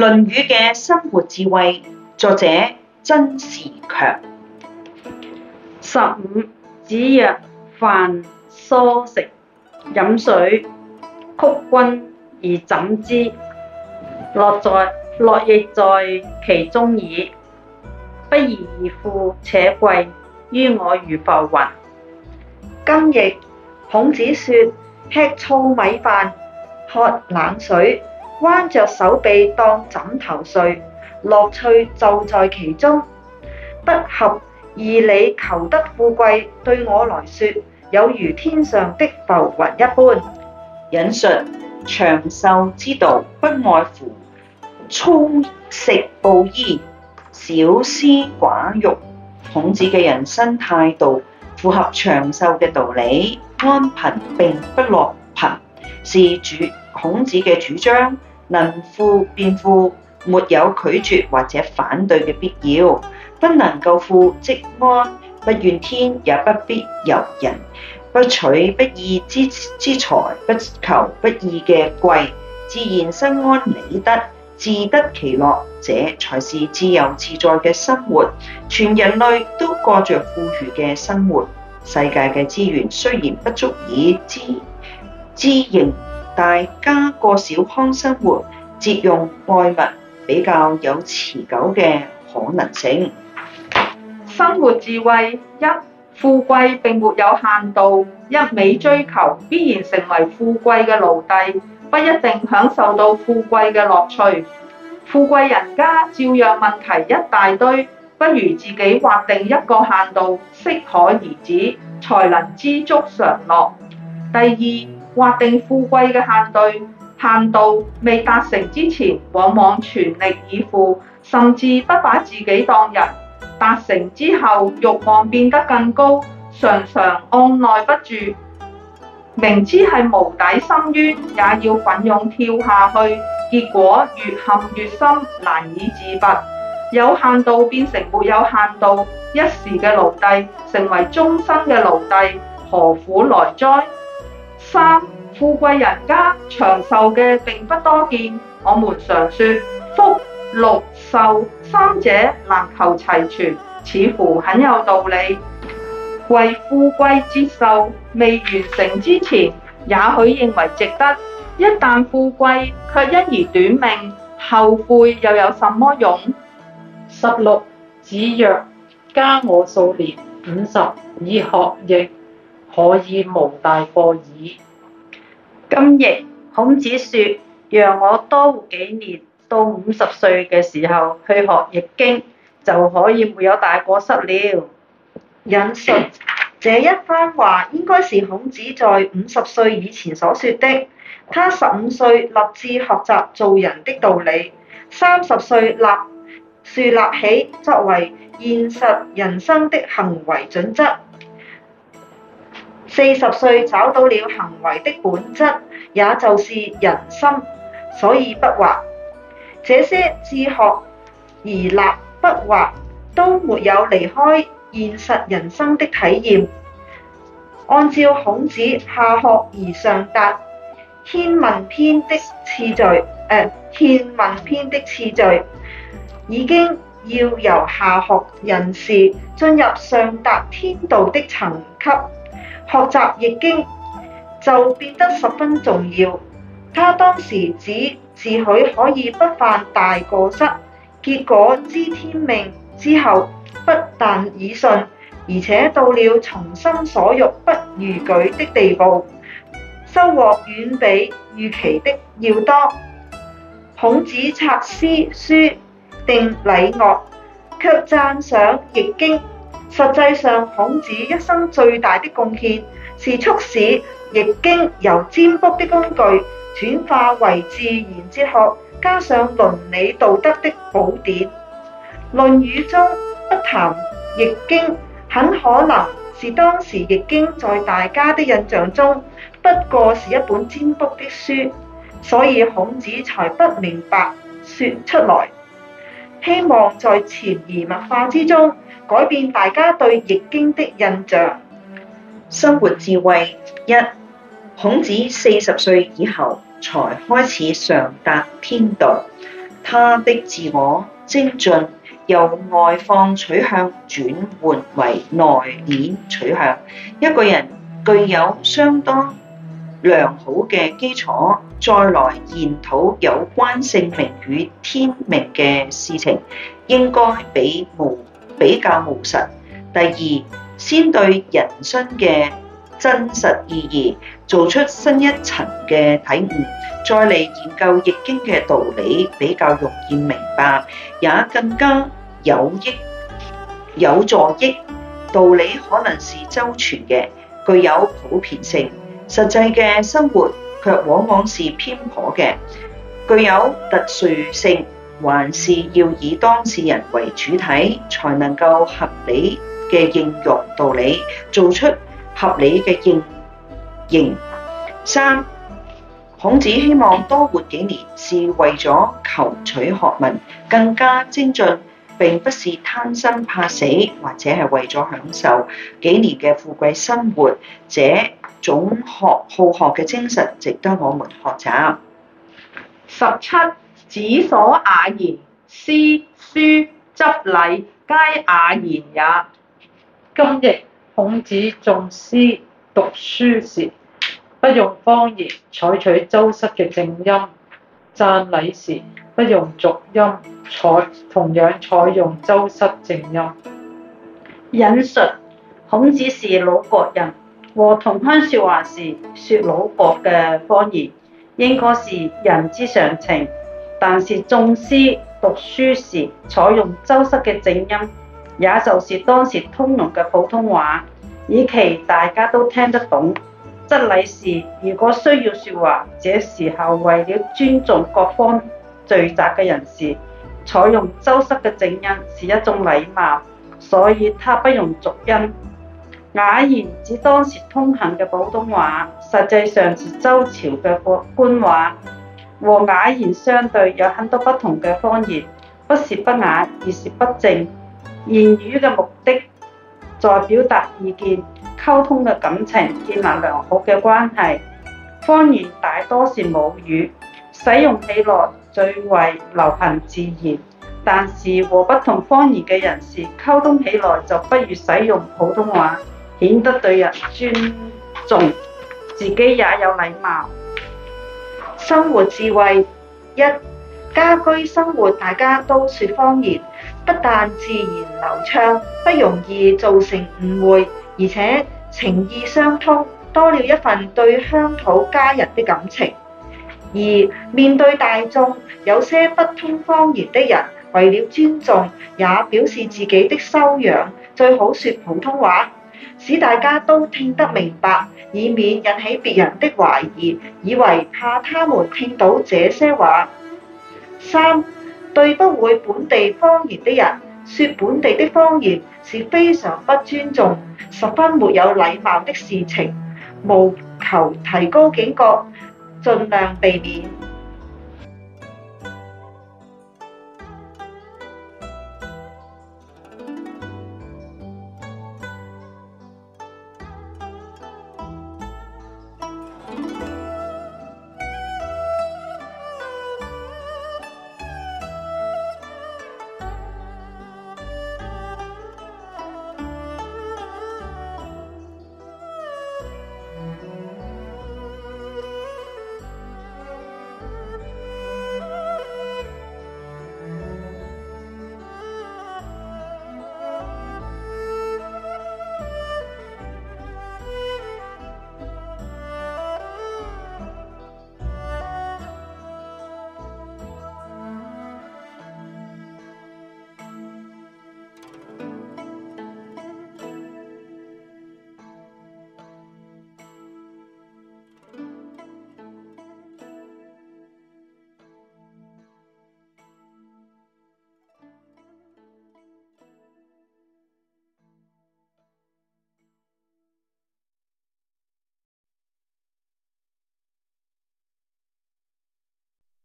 《論語》嘅生活智慧，作者曾仕強。十五子曰：飯疏食，飲水，曲肱而枕之，樂在樂亦在其中矣。不義而富且貴，於我如浮雲。今日孔子說：吃粗米飯，喝冷水。彎着手臂當枕頭睡，樂趣就在其中。不合而你求得富貴，對我來說有如天上的浮雲一般。引述長壽之道，不外乎粗食布衣，少思寡欲。孔子嘅人生態度符合長壽嘅道理。安貧並不樂貧，是主孔子嘅主張。能富便富，沒有拒絕或者反對嘅必要。不能夠富即安，不怨天也不必尤人。不取不義之之財，不求不義嘅貴，自然心安理得，自得其樂。這才是自由自在嘅生活。全人類都過着富裕嘅生活，世界嘅資源雖然不足以支支應。大家過小康生活，節用愛物比較有持久嘅可能性。生活智慧一：富貴並沒有限度，一味追求必然成為富貴嘅奴隸，不一定享受到富貴嘅樂趣。富貴人家照樣問題一大堆，不如自己劃定一個限度，適可而止，才能知足常樂。第二，劃定富貴嘅限度，限度未達成之前，往往全力以赴，甚至不把自己當人；達成之後，慾望變得更高，常常按捺不住，明知係無底深淵，也要奮勇跳下去，結果越陷越深，難以自拔。有限度變成沒有限度，一時嘅奴隸，成為終身嘅奴隸，何苦來哉？三，富貴人家長壽嘅並不多見，我們常說福、祿、壽三者難求齊全，似乎很有道理。為富貴之壽未完成之前，也許認為值得；一旦富貴，卻因而短命，後悔又有什麼用？十六，子曰：加我數年，五十以學易。可以無大過矣。今日孔子說，讓我多活幾年，到五十歲嘅時候去學易經，就可以沒有大過失了。引述這一番話，應該是孔子在五十歲以前所說的。他十五歲立志學習做人的道理，三十歲立樹立起作為現實人生的行為準則。四十歲找到了行為的本質，也就是人心，所以不惑。這些志學而立不惑，都沒有離開現實人生的體驗。按照孔子下學而上達，《憲問篇》的次序，誒、呃，《憲問篇》的次序已經要由下學人事進入上達天道的層級。學習易經就變得十分重要。他當時指，「自許可以不犯大過失，結果知天命之後不但耳順，而且到了從心所欲不逾矩的地步，收穫遠比預期的要多。孔子刪詩書、定禮樂，卻讚賞易經。實際上，孔子一生最大的貢獻是促使《易經》由占卜的工具轉化為自然哲學加上倫理道德的寶典。《論語》中不談《易經》，很可能是當時《易經》在大家的印象中不過是一本占卜的書，所以孔子才不明白說出來，希望在潛移默化之中。改變大家對易經的印象。生活智慧一，孔子四十歲以後才開始上達天道，他的自我精進由外放取向轉換為內斂取向。一個人具有相當良好嘅基礎，再來研討有關性命與天命嘅事情，應該比無。比較務實。第二，先對人生嘅真實意義做出新一層嘅體悟，再嚟研究易經嘅道理，比較容易明白，也更加有益、有助益。道理可能是周全嘅，具有普遍性；實際嘅生活卻往往是偏頗嘅，具有特殊性。還是要以當事人為主體，才能夠合理嘅應用道理，做出合理嘅應認。三，孔子希望多活幾年，是為咗求取學問更加精進，並不是貪生怕死或者係為咗享受幾年嘅富貴生活。這種學好學嘅精神值得我們學習。十七。子所雅言，詩書執禮，皆雅言也。今譯孔子仲師讀書時，不用方言，採取周室嘅正音；贊禮時，不用俗音採，採同樣採用周室正音。引述孔子是魯國人，和同鄉說話時說魯國嘅方言，應該是人之常情。但是誦詩讀書時採用周室嘅正音，也就是當時通用嘅普通話，以期大家都聽得懂。執禮時，如果需要説話，這時候為了尊重各方聚集嘅人士，採用周室嘅正音是一種禮貌，所以它不用俗音。雅言指當時通行嘅普通話，實際上是周朝嘅國官話。和雅言相對，有很多不同嘅方言，不是不雅，而是不正。言語嘅目的，在表達意見、溝通嘅感情、建立良好嘅關係。方言大多是母語，使用起來最為流行自然。但是和不同方言嘅人士溝通起來，就不如使用普通話，顯得對人尊重，自己也有禮貌。生活智慧一，家居生活大家都說方言，不但自然流暢，不容易造成誤會，而且情意相通，多了一份對鄉土家人的感情。二，面對大眾，有些不通方言的人，為了尊重，也表示自己的修養，最好說普通話。使大家都聽得明白，以免引起別人的懷疑，以為怕他們聽到這些話。三，對不會本地方言的人，說本地的方言是非常不尊重、十分沒有禮貌的事情，務求提高警覺，盡量避免。